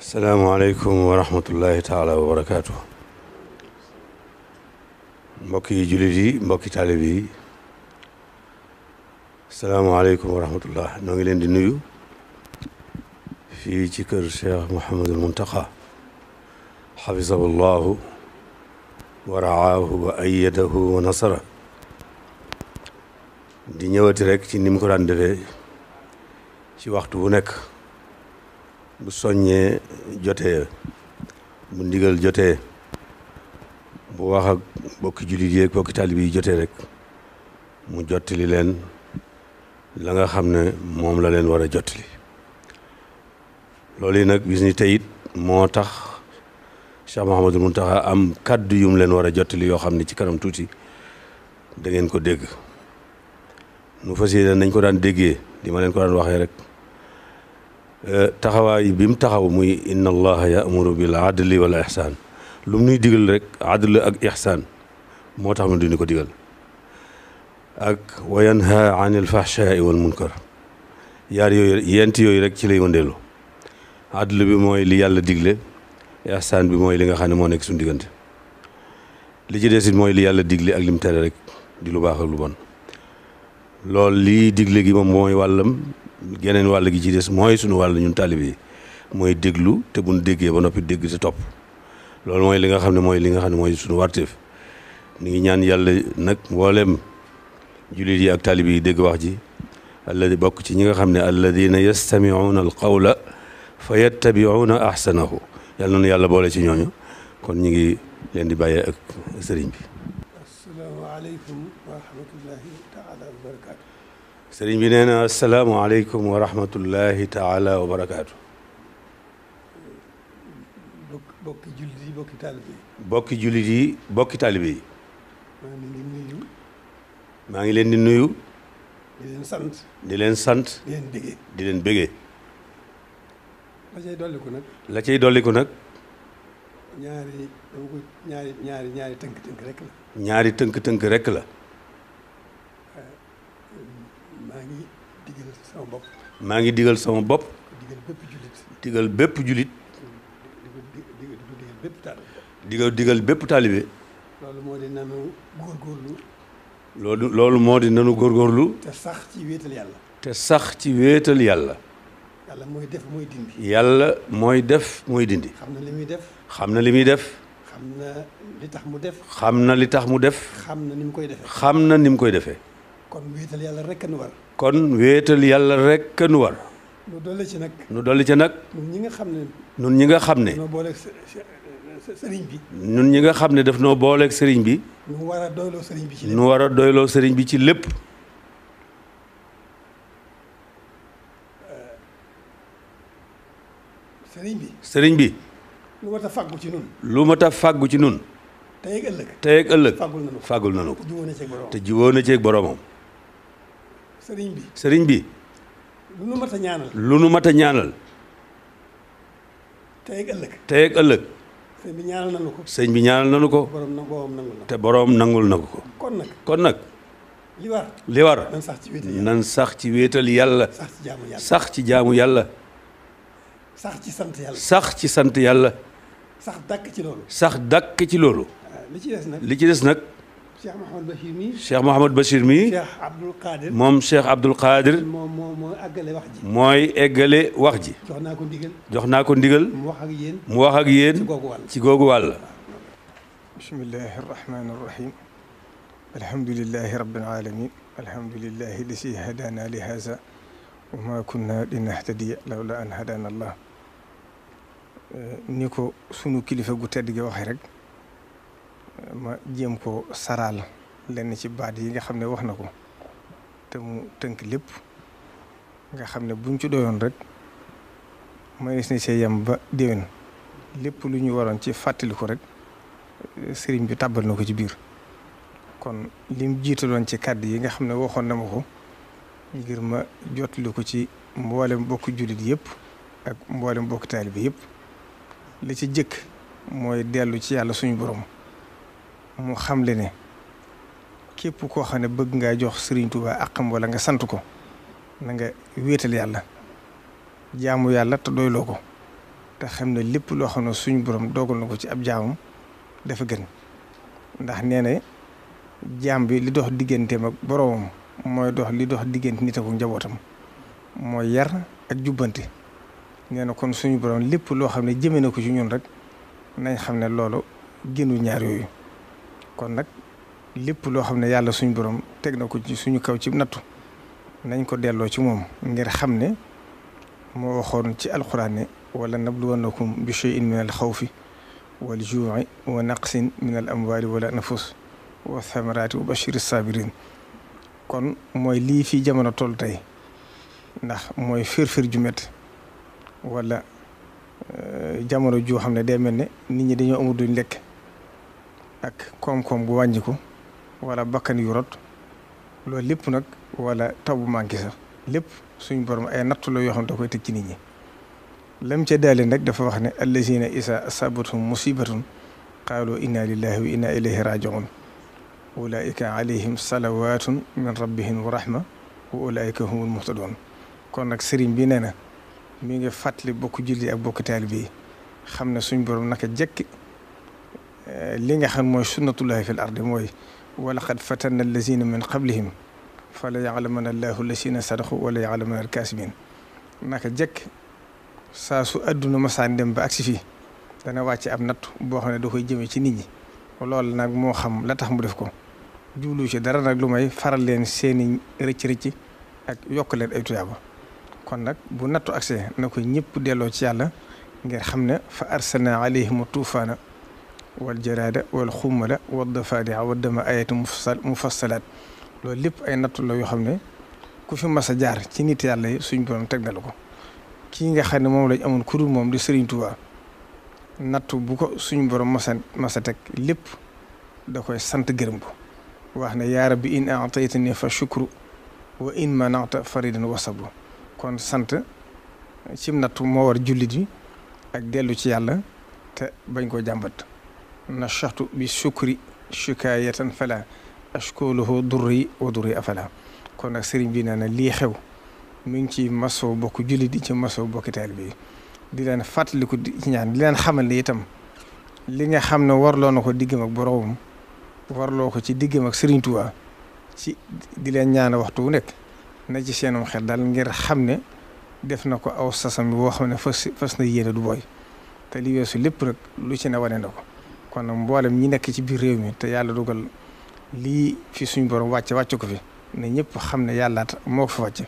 salaamualeykum wa rahmatullahi taala wa barakaatu. mbokki jullit yi mbokki taalib yi salaamualeykum wa rahmatullah noo ngi leen di nuyu fii ci kër Cheikh Mouhamadul Muntaqa xafisahu llahu wa raahu wa ayadahu wa nasara di ñëwati rek ci ni mu ko daan defee ci waxtu bu nekk bu soññee jotee mu ndigal jotee bu wax ak bokki jullit yi ak bokki taalib yi jotee rek mu jottali leen la nga xam ne moom la leen war a jottali loolu yi nag bis ni tey it moo tax Cheikh mun Mountakha am kàddu yum leen war a jottali yoo xam ne ci kanam tuuti dangeen ko dégg nu fas yéene nañ ko daan déggee di ma leen ko daan waxee rek taxawaay bi mu taxaw muy inna allaha yaamuru bil adli wal ihsaan lu mu nuy digal rek adl ak ihsaan moo tax mu duñu ko digal ak wa yanha anil fahshaai wal munkar yaar yooyu yent yooyu rek ci lay wëndeelu adl bi mooy li yàlla digle ihsaan bi mooy li nga xam ne moo nekk suñu diggante li ci des mooy li yàlla digle ak li mu tere rek di lu baax ak lu bon loolu lii digle gi moom mooy wàllam geneen wàll gi ci des mooy suñu wàll ñun taalibe yi mooy déglu te buñ déggee ba noppi dégg te topp loolu mooy li nga xam ne mooy li nga xam ne mooy suñu warteef ñu ngi ñaan yàlla nag mboolem jullit yi ak taalibe yi dégg wax ji alladi bokk ci ñi nga xam ne alladina yastamiuuna al qawla fa yattabiuuna ahsanahu yàlla noonu yàlla boole ci ñooñu kon ñu ngi leen di bàyyee ak sëriñ bi sëriñ bi nee na asalaamualeykum wa rahmatullahi taala wa barakaatu. bokki jullit yi bokki taalibe yi. bokki jullit yi bokki taalibe yi. maa ngi leen di nuyu. maa di leen sant. di leen sant. di leen bégee di leen bégee. la cay dolliku nag. la cay dolliku nag. ñaari ñaari ñaari tënk-tënk rekk la. maa ngi digal sama bopp. maa ngi digal sama bopp. digal bépp julit. digal bépp julit. digal bépp taalibe. digal digal bépp taalibe. loolu moo di nanu góorgóorlu. loolu loolu moo di nanu góorgóorlu. te sax ci wéetal yàlla. te sax ci wéetal yàlla. yàlla mooy def mooy dindi. yàlla mooy def mooy dindi. xam na li muy def. xam na li muy def. xam na li tax mu def. xam na li tax mu def. xam na ni mu koy defee. xam na ni mu koy defee. kon wéetal yàlla rek nu war. kon wéetal yàlla rek nu war. nu dolli ci nag. nu dolli ci nag. ñun ñi nga xam ne. ñun ñi nga xam ne. sëriñ bi. ñun ñi nga xam ne daf noo booleek sëriñ bi. nu war a doyloo sëriñ bi ci lépp. war a doyloo sëriñ bi ci lépp. Eh, sëriñ bi. sëriñ bi. lu mat a fàggu ci nun lu mat a fàggu ci nun tey ak ëllëg. tey ak ëllëg fàggul nanu ko. te jiwoon na ci ak boromam. sëriñ bi sëriñ bi. lu nu mat a ñaanal. lu nu mat a ñaanal. tey ëllëg. tey ak ëllëg. bi ñaanal nañu ko. sëñ bi ñaanal nañu ko. borom nangul na te borom nangul na ko. kon nag kon nag. li war li war. nan sax ci wéetal yàlla nan sax ci yàlla. sax ci jaamu yàlla sax ci jaamu yàlla. sax ci sant yàlla. sax ci sant yàlla. sax dàkk ci loolu. sax dàkk ci loolu. li ci des nag. Cheikh Mouhamad Bachir mii. Cheikh Mouhamad Bachir mii. Cheikh Abdoul Khadir. moom Cheikh Abdoul Khadir. moom mooy eggale wax ji. mooy eggale wax ji. jox naa ko ndigal. jox naa ko ndigal. mu wax ak yéen. mu wax ak yéen. ci googu wàll ci googu wàll. bismillahi rahmani rahim. alhamdulilahi rabbil alamin. alhamdulilahi lasi hadana li haza. wa ma kunna linahtadiya lawla an hadana allah. Eh, ni ko sunu kilifa gu tedd gi waxee rek. ma jéem ko saraal lenn ci baat yi nga xam ne wax na ko te mu tënk lépp nga xam ne buñ ci doyoon rek manis ni see yem ba déwén lépp lu ñu waroon ci fàttali ko rek sëriñ bi tàbbal na ko ci biir kon lim jiitaloon ci kàddu yi nga xam ne waxoon na ma ko ngir ma jotali ko ci mboolem bokk jullit yëpp ak mboolem bokk taalibe yëpp li ci jëkk mooy dellu ci yàlla suñu borom mu xamle ne képp koo xam ne bëgg ngaa jox Serigne ak xam wala nga sant ko na nga wéetal yàlla jaamu yàlla te doyloo ko te xam ne lépp loo xam ne suñu boroom dogal na ko ci ab jaamam dafa ndax nee na jaam bi li dox digganteem ak boromam mooy dox li dox diggante nit ak njabootam yar ak jubbante nee na kon suñu borom lépp loo xam ne jëme na ko ci ñun rek nañ xam ne loolu gënu ñaar yooyu. kon nag lépp loo xam ne yàlla suñu borom teg na ko ci suñu kaw ci nattu nañ ko delloo ci moom ngir xam ne moo waxoon ci alxuraan ne wala nabluwannakum bi shay'in min al xawfi wal juu'i wa naqsin min al amwaali wal anfus wa thamaraati wa bashiri sabirin kon mooy lii fii jamono toll tey ndax mooy firfir ju métti euh, jamono joo xam ne day mel ne nit ñi dañoo amul duñ lekk ak koom-koom bu ko wala bakkan yu rot lépp nag wala taw bu manqué sax lépp suñ borom ay nattu la yoo xam da koy teg ci nit ñi lam ca daale nag dafa wax ne allazina isa asabatum musibatun qaalu inna lillahi wa inna ilayhi rajiun ulaika alayhim salawatun min rabbihim wa rahma wa ulaika humul muhtadun kon nag sëriñ bi nee na mi ngi fàttali bokk julli ak bokk taalibe bi xam ne suñ borom naka jekki li nga xam mooy sunnatullahi fil ardi mooy walaqad fatanna allazina min qablihim fa la yaalamanna allahu allazina sadaqu wala yaalamanna alkaasibin naka jëkk sa su adduna masaan dem ba agsi fii dana wàcce am natt boo xam ne doo koy jëmee ci nit ñi loolu nag moo xam la tax mu def ko jublu ci dara nag lu may faral leen seeni rëcc-rëcc ak yokk leen ay tuyaaba kon nag bu nattu agsee na ko ñëpp delloo ci yàlla ngir xam ne fa arsalna alayhimu waljaraada walxumala waddafaadiha waddama ayatu mufasal mufassalaat loolu lépp ay nattu la yoo xam ne ku fi mas a jaar ci nit yàlla yi suñ borom teg na la ko kii nga xam ne moom lañ amoon kuréel moom di Serigne Touba nattu bu ko suñ boroom mas a mas a teg lépp da koy sant gërëm ko wax ne yaa rabbi in aataytani fa shukru wa in manata faridan wasabu kon sant cim nattu moo war jullit yi ak dellu ci yàlla te bañ koo jàmbat na nachatu bi sukri shikaayatan fala ashkuluhu durri wa durri afala kon nag sëriñ bi nee na lii xew mi ngi ci masoo bokk julli di ci masoo bokki taalibe bi di leen fàttaliku di ñaan di leen xamal ne itam li nga xam ne warloo na ko diggam ak boroomam warloo ko ci diggam ak sëriñ Tuubaa ci di leen ñaan waxtu wu nekk na ci seenum xel daal ngir xam ne def na ko aw sasam woo xam ne fas fas na yéene du boy te li weesu lépp rek lu ci ne wane na ko kon mboolem ñi nekk ci biir réew mi te yàlla dugal lii fi suñu borom wàcce wàcce ko fi ne ñëpp xam ne yàllaata moo ko fa wàcce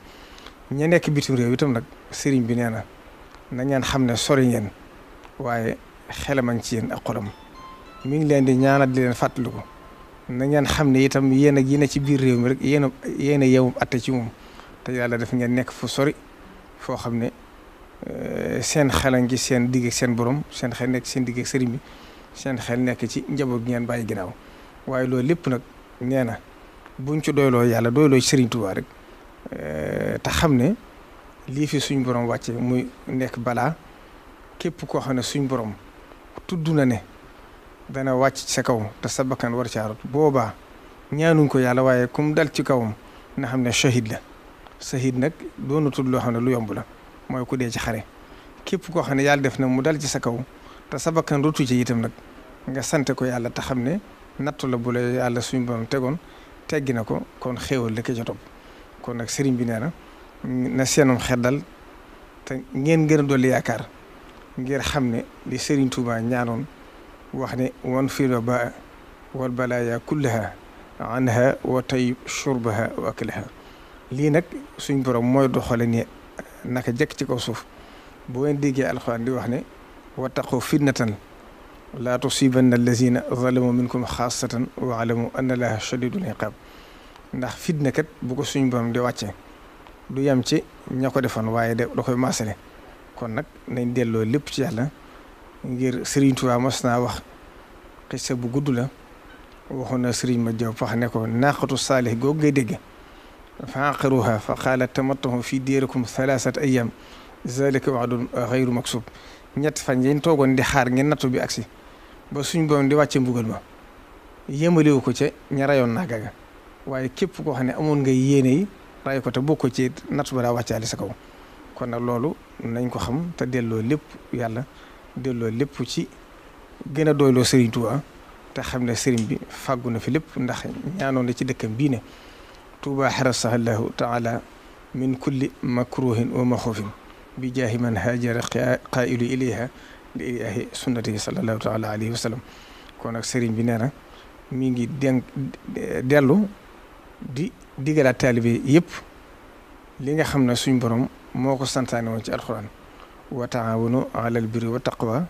ña nekk bitim réew itam nag sëriñ bi nee na na ngeen xam ne sori ngeen waaye xelam ci yéen ak xolam mi ngi leen di ñaanal di leen fàttaliku na ngeen xam ne itam yéen ak yéen ci biir réew mi rek yéen a yéen a yewum atte ci moom te yàlla def ngeen nekk fu sori foo xam ne euh, seen xelan gi seen digg seen borom seen xel nekk seen digg ak sëriñ bi. seen xel nekk ci njaboot gi ngeen bàyyi ginaaw waaye loolu lépp nag nee na buñ ci doyloo yàlla doyloo ci Serigne Touba rek eh, te xam ne lii fi suñ boroom wàcce muy nekk balaa képp koo xam ne suñ borom tudd na ne dana wàcc sa kaw te sa bakkan war caarut boobaa ñaanuñ ko yàlla waaye kum dal ci kawam na xam ne shahid la shahid nag tudd loo xam ne lu yomb la mooy ku dee ci xare képp koo xam ne yàlla def na mu dal ci sa kaw. te sa bakkan ci itam nag nga sante ko yàlla ta xam ne nattu la bu la yàlla suñu borom tegoon teggi na ko kon xéewal la ko topp kon nag sëriñ bi nee na na xeddal te ngeen gën a yaakaar ngir xam ne li sëriñ Touba ñaanoon wax ne wan fiir ba wal balaaya kullaha anha wa tay shurbaha wa akliha lii nag suñ borom mooy doxale ni naka jëkk ci kaw suuf boo ngeen déggee alxuraan di wax ne wattaqu fitnatan laa tusibanna allazina zalamu minkum xaasatan wa alamu anna laaha shadidul ndax fitna kat bu ko suñu borom di wàcce du yem ci ña ko defoon waaye da koy maasale kon nag nañ delloo lépp ci yàlla ngir Serigne Touba mas naa wax xisa bu gudd la waxoon na Serigne ma Jaw pax ne ko naaqatu saalih googu ngay dégg fa aqaruha fa qaala tamattahu fi diirikum thalaasata ayyaam zalika wa'dun ghayru maksub ñett fan yéen toogoon di xaar ngeen nattu bi agsi ba suñ boom di wàcce mbugal ma yéemaliwu ko ca ña rayoon naa gaga waaye képp koo xam ne amoon nga yéene yi ray ko te bokk ci nattu ba daa wàccaale sa kaw kon nag loolu nañ ko xam te delloo lépp yàlla delloo lépp ci gën a doyloo Serigne Touba te xam ne Serigne bi fàggu na fi lépp ndax ñaanoon na ci dëkk dëkkam bii ne Touba xarasahallahu taala min kulli makruhin wa maxoofin bi jaahi man haajara qaa'ilu ilayha li ilaahi sunnatihi sallallahu taala alayhi wa kon nag sëriñ bi nee na mi ngi dénk dellu di digalaat taalibe yëpp li nga xam ne suñ borom moo ko santaane woon ci alxuraan wa taawanu alal birri wa taqwa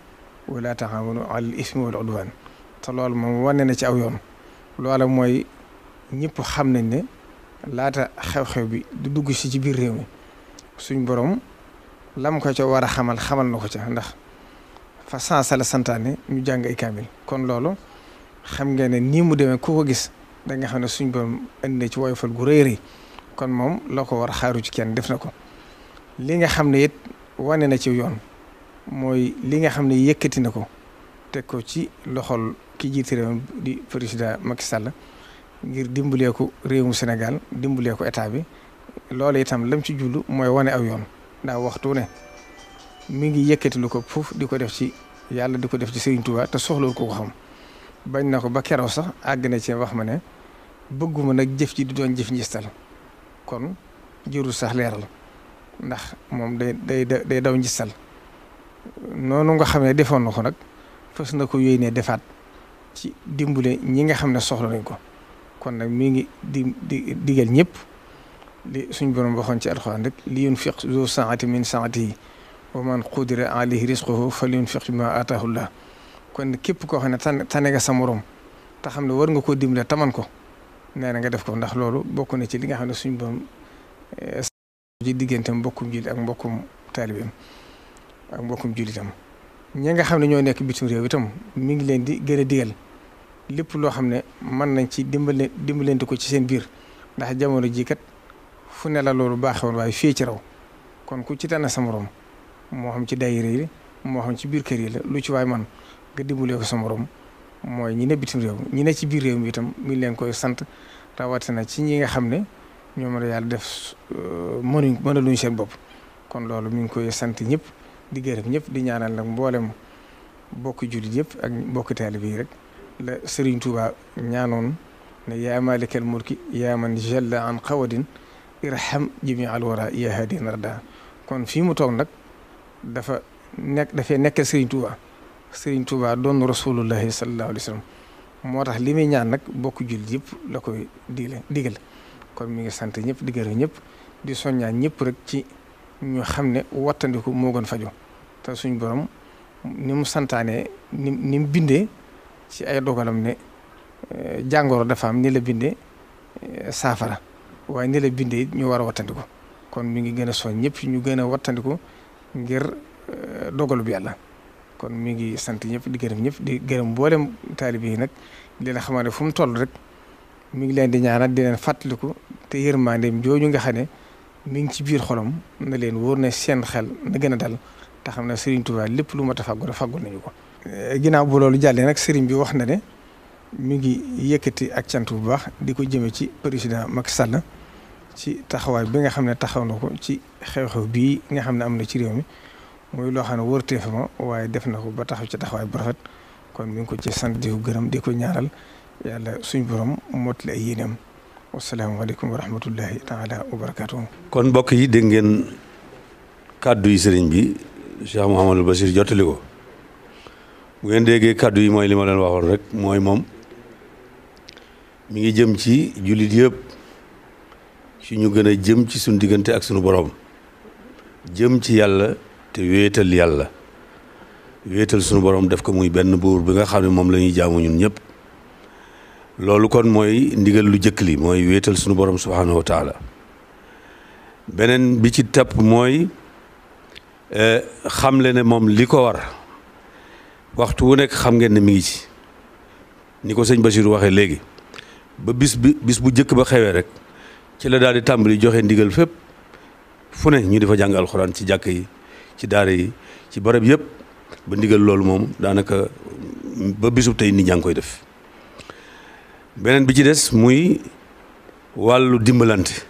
wala taawanu alal ismi wal udwaan te loolu moom wane na ci aw yoon loola mooy ñëpp xam nañ ne laata xew-xew bi du dugg si ci biir réew mi suñ borom lam ko ca war a xamal xamal na ko ca ndax fa sansala santaane ñu jàng ay kaamil kon loolu xam nga ne nii mu demee ku ko gis da xam ne suñ borom indi ci woyofal gu rëy rëy kon moom loo ko war a xaaru ci kenn def na ko li nga xam ne it wane na ci yoon mooy li nga xam ne yëkkati na ko teg ko ci loxol ki jiite réewam di président Macky Sall ngir dimbalee ko réewum Sénégal dimbalee ko état bi loolu itam lam ci jullu mooy wane aw yoon ndax waxtu ne mu ngi yëkkati ko foofu di ko def ci yàlla di ko def ci Serigne Touba te soxlawul ko ko xam bañ na ko ba keroog sax àgg na ci wax ma ne bëgguma nag jëf ji di doon jëf njistal kon jërul sax leeral ndax moom day day day daw njistal noonu nga xam ne defoon na ko nag fas na ko ne defaat ci dimbale ñi nga xam ne soxla nañ ko kon nag mi ngi di di digal ñëpp. li suñ borom waxoon ci alxuraan rek li yunfiq zu saati min saatihi wa man qudira alayhi rizquhu falyunfiq bima aataahu la kon képp koo xam ne tane tane nga sa morom te xam ne war nga koo dimbale taman ko nee na nga def ko ndax loolu bokk na ci li nga xam ne suñ borom eh, ci mbokkum jullit ak mbokkum taalibeem ak mbokkum jullitam ñi nga xam ne ñoo nekk bitim réew itam mi ngi leen di gën a digal lépp loo xam ne mën nañ ci dimbale dimbalante ko ci seen biir ndax jamono jii kat fu ne la loolu baaxee woon waaye fii ci raw kon ku ci tane sa moo xam ci daayira yi moo xam ci biir kër yi la lu ci waay man nga dimbalee ko mooy ñi ne bitim réew ñi ne ci biir réew mi itam mi leen koy sant rawatina ci ñi nga xam ne ñoom la yàlla def euh, mënuñ mënaluñ seen bopp kon loolu mi ngi koy sant ñëpp di ñëpp di ñaanal nag mboolem bokk jullit yëpp ak bokk taalibe yi rek la Serigne Touba ñaanoon ne yaa maalikal mulki yaa man jalla an xawadin irham jimi alwara ya hadin rada kon fii mu toog nag dafa nekk dafay nekkal Serigne Touba Serigne Touba doon rasulullahi sallallahu alayhi wa sallam moo tax li muy ñaan nag bokk jul yëpp la koy digle digal kon mi ngi sant ñëpp digal ñëpp di soññaa ñëpp rek ci ñu xam ne wattandiku moo gën fajo te suñ borom ni mu santaane ni ni mu bindee ci ay dogalam ne eh, jàngoro dafa am ni la bindee eh, saafara waaye ni la bindee ñu war a wattandiku kon mi ngi gën a soñ ñëpp ñu gën a wattandiku ngir eh, dogalu bi yàlla kon mi ngi sant ñëpp di gërëm ñëpp di gërëm mboolem taalibe yi nag di la xamal ne fu mu toll rek mi ngi leen di ñaanal di leen fàttaliku te yërmandeem jooju nga xam ne mi ngi ci biir xolam na leen wóor ne seen xel na gën a dal te xam na Serigne Touba lépp lu mat a fàggul fàggul nañu ko. Eh, ginnaaw bu loolu jàllee nag Serigne bi wax na ne mi ngi yëkkati ak sant bu baax di ko jëme ci président Macky Sall. ci taxawaay bi nga xam ne taxaw na ko ci xew-xew bii nga xam ne am na ci réew mi muy loo xam ne wërteef ma waaye def na ko ba taxaw ci taxawaay bu rafet kon mu ngi ko ci sant di ko gërëm di ko ñaaral yàlla suñu borom mottali ay yéenam wasalaamaaleykum wa rahmatullahi taala wa barakaatuhu kon mbokk yi dégg ngeen kàddu yi sëriñ bi Cheikh Mouhamadou Bachir jottali ko bu ngeen déggee kàddu yi mooy li ma leen waxoon rek mooy moom mi ngi jëm ci jullit yëpp. ci ñu gën jëm ci suñu diggante ak sunu boroom jëm ci yàlla te wéetal yàlla wéetal suñu boroom def ko muy benn buur bi nga xam ne moom lañuy ñuy jaamu ñun ñëpp loolu kon mooy ndigal lu jëkk li mooy wéetal suñu boroom subhaanahu wa taala beneen bi ci tapp mooy eh, xam ne moom li ko war waxtu wu nekk xam ngeen ne mi ngi ci ni ko sëñ Bachir waxee léegi ba bis bi bis bu jëkk ba xewee rek ci la daal di tàmbali joxe ndigal fépp fu ne ñu di fa jàng alxuraan ci jàkk yi ci daara yi ci barab yëpp ba ndigal loolu moom daanaka ba bisub tey nit ñaa ngi koy def beneen bi ci des muy wàllu dimbalante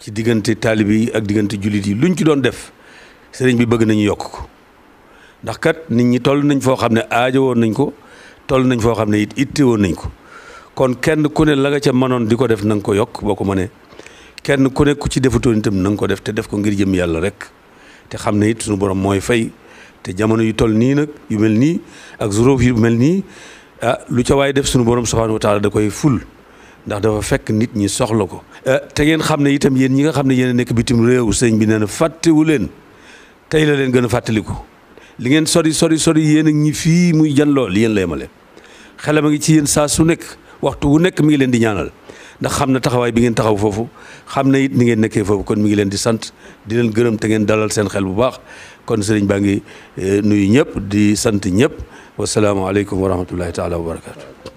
ci diggante taalib yi ak diggante jullit yi luñ ci doon def sëriñ bi bëgg nañu yokk ko ndax kat nit ñi toll nañ foo xam ne aajo woon nañ ko toll nañ foo xam ne it itte woon nañ ko kon kenn ku ne la nga ca manoon di ko def na ko yokk boo ko mënee kenn ku nekk ku ci defutoon itam na nga ko def te def ko ngir jëm yàlla rek te xam ne it suñu borom mooy fay te jamono yu toll nii nag yu mel nii ak juróom yu mel nii ah lu ca waaye def sunu borom subhaanahu wa da koy ful ndax dafa fekk nit ñi soxla ko. Eh, te ngeen xam ne itam yéen ñi nga xam ne yéen nekk bitim réew sëñ bi nee na fàttewu leen tey la leen gën a fàttaliku li ngeen sori sori sori yéen ak ñi fii muy janloo li yéen la yemale ci saa su nekk. waxtu wu nekk mi ngi leen di ñaanal ndax xam na taxawaay bi ngeen taxaw foofu xam na it ni ngeen nekkee foofu kon mu ngi leen di sant di leen gërëm te ngeen dalal seen xel bu baax kon sëriñ baa ngi eh, nuyu ñëpp di sant ñëpp wasalaamualeykum wa rahmatullahi taala wa barakaatu.